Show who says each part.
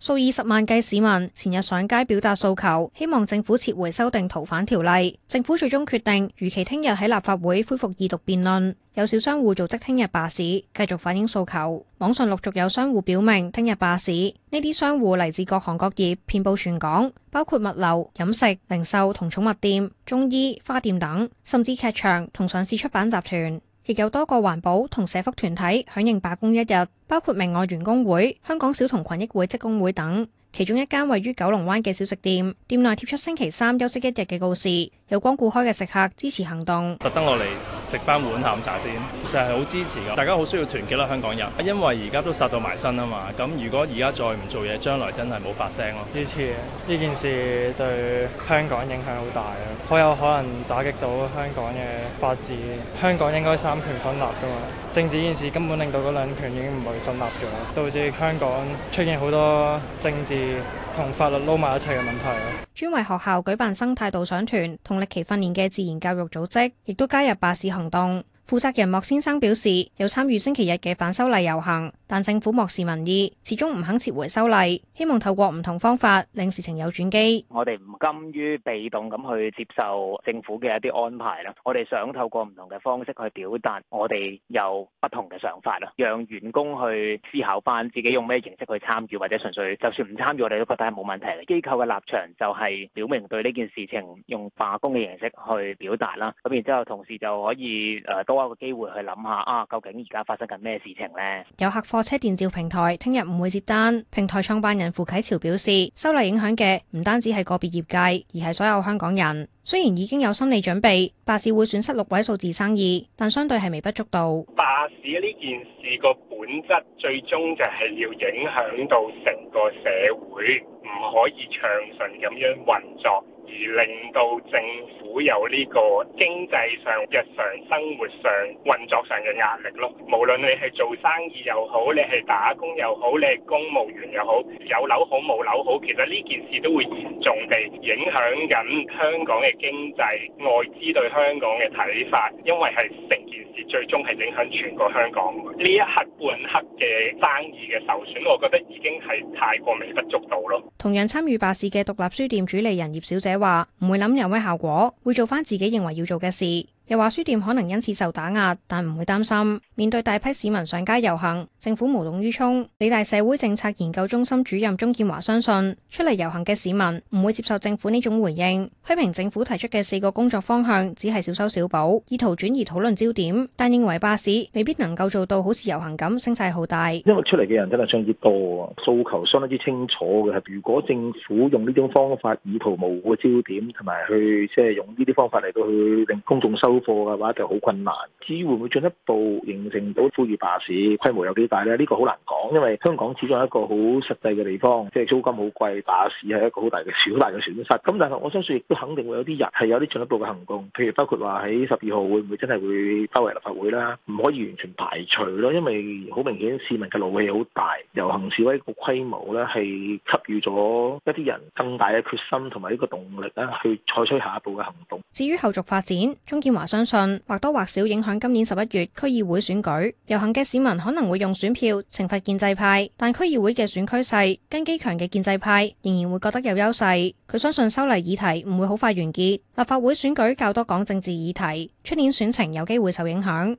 Speaker 1: 數以十萬計市民前日上街表達訴求，希望政府撤回修訂逃犯條例。政府最終決定如期聽日喺立法會恢復二讀辯論。有小商戶組織聽日罷市，繼續反映訴求。網上陸續有商戶表明聽日罷市，呢啲商戶嚟自各行各業，遍佈全港，包括物流、飲食、零售同寵物店、中醫、花店等，甚至劇場同上市出版集團。亦有多個環保同社福團體響應罷工一日，包括明愛員工會、香港小童群益會職工會等。其中一間位於九龍灣嘅小食店，店內貼出星期三休息一日嘅告示。有光顧開嘅食客支持行動，
Speaker 2: 特登落嚟食翻碗下午茶先，其實係好支持㗎。大家好需要團結啦，香港人，因為而家都殺到埋身啊嘛。咁如果而家再唔做嘢，將來真係冇發聲咯。支持呢件事對香港影響好大啊，好有可能打擊到香港嘅法治。香港應該三權分立㗎嘛，政治呢件事根本令到嗰兩權已經唔係分立咗，導致香港出現好多政治同法律撈埋一齊嘅問題。
Speaker 1: 專為學校舉辦生態導賞團同歷奇訓練嘅自然教育組織，亦都加入罷市行動。負責人莫先生表示，有參與星期日嘅反修例遊行，但政府漠視民意，始終唔肯撤回修例。希望透過唔同方法令事情有轉機。
Speaker 3: 我哋唔甘於被動咁去接受政府嘅一啲安排啦，我哋想透過唔同嘅方式去表達我哋有不同嘅想法啦，讓員工去思考返自己用咩形式去參與，或者純粹就算唔參與，我哋都覺得係冇問題。機構嘅立場就係表明對呢件事情用罷工嘅形式去表達啦，咁然之後同時就可以誒多。一個機會去諗下啊，究竟而家發生緊咩事情呢？
Speaker 1: 有客貨車電召平台聽日唔會接單。平台創辦人傅啟潮表示，修例影響嘅唔單止係個別業界，而係所有香港人。雖然已經有心理準備，罷市會損失六位數字生意，但相對係微不足道。罷
Speaker 2: 市呢件事個本質，最終就係要影響到成個社會，唔可以暢順咁樣運作。而令到政府有呢個經濟上、日常生活上、運作上嘅壓力咯。無論你係做生意又好，你係打工又好，你係公務員又好，有樓好、冇樓好，其實呢件事都會嚴重地影響緊香港嘅經濟，外資對香港嘅睇法，因為係成件事。最終係影響全個香港呢一刻半刻嘅生意嘅受損，我覺得已經係太過微不足
Speaker 1: 道咯。同樣參與罷市嘅獨立書店主理人葉小姐話：唔會諗有咩效果，會做返自己認為要做嘅事。又話書店可能因此受打壓，但唔會擔心。面對大批市民上街遊行，政府無動於衷。理大社會政策研究中心主任鍾建華相信，出嚟遊行嘅市民唔會接受政府呢種回應，批評政府提出嘅四個工作方向只係小修小補，意圖轉移討論焦點。但認為罷市未必能夠做到好似遊行咁聲勢浩大，因為
Speaker 3: 出嚟嘅人真係相當之多啊，訴求相當之清楚嘅係，如果政府用呢種方法意圖模糊嘅焦點，同埋去即係用呢啲方法嚟到去令公眾收。供貨嘅話就好困難。至於會唔會進一步形成到富裕罷市規模有幾大呢？呢個好難講，因為香港始終係一個好實際嘅地方，即係租金好貴，罷市係一個好大嘅損大嘅損失。咁但係我相信亦都肯定會有啲人係有啲進一步嘅行動，譬如包括話喺十二號會唔會真係會包圍立法會啦？唔可以完全排除咯，因為好明顯市民嘅勞氣好大，遊行示威個規模咧係給予咗一啲人更大嘅決心同埋呢個動力咧，去採取下一步嘅行
Speaker 1: 動。至於後續發展，鍾健華。相信或多或少影響今年十一月區議會選舉，遊行嘅市民可能會用選票懲罰建制派，但區議會嘅選區勢根基強嘅建制派仍然會覺得有優勢。佢相信修例議題唔會好快完結，立法會選舉較多講政治議題，出年選情有機會受影響。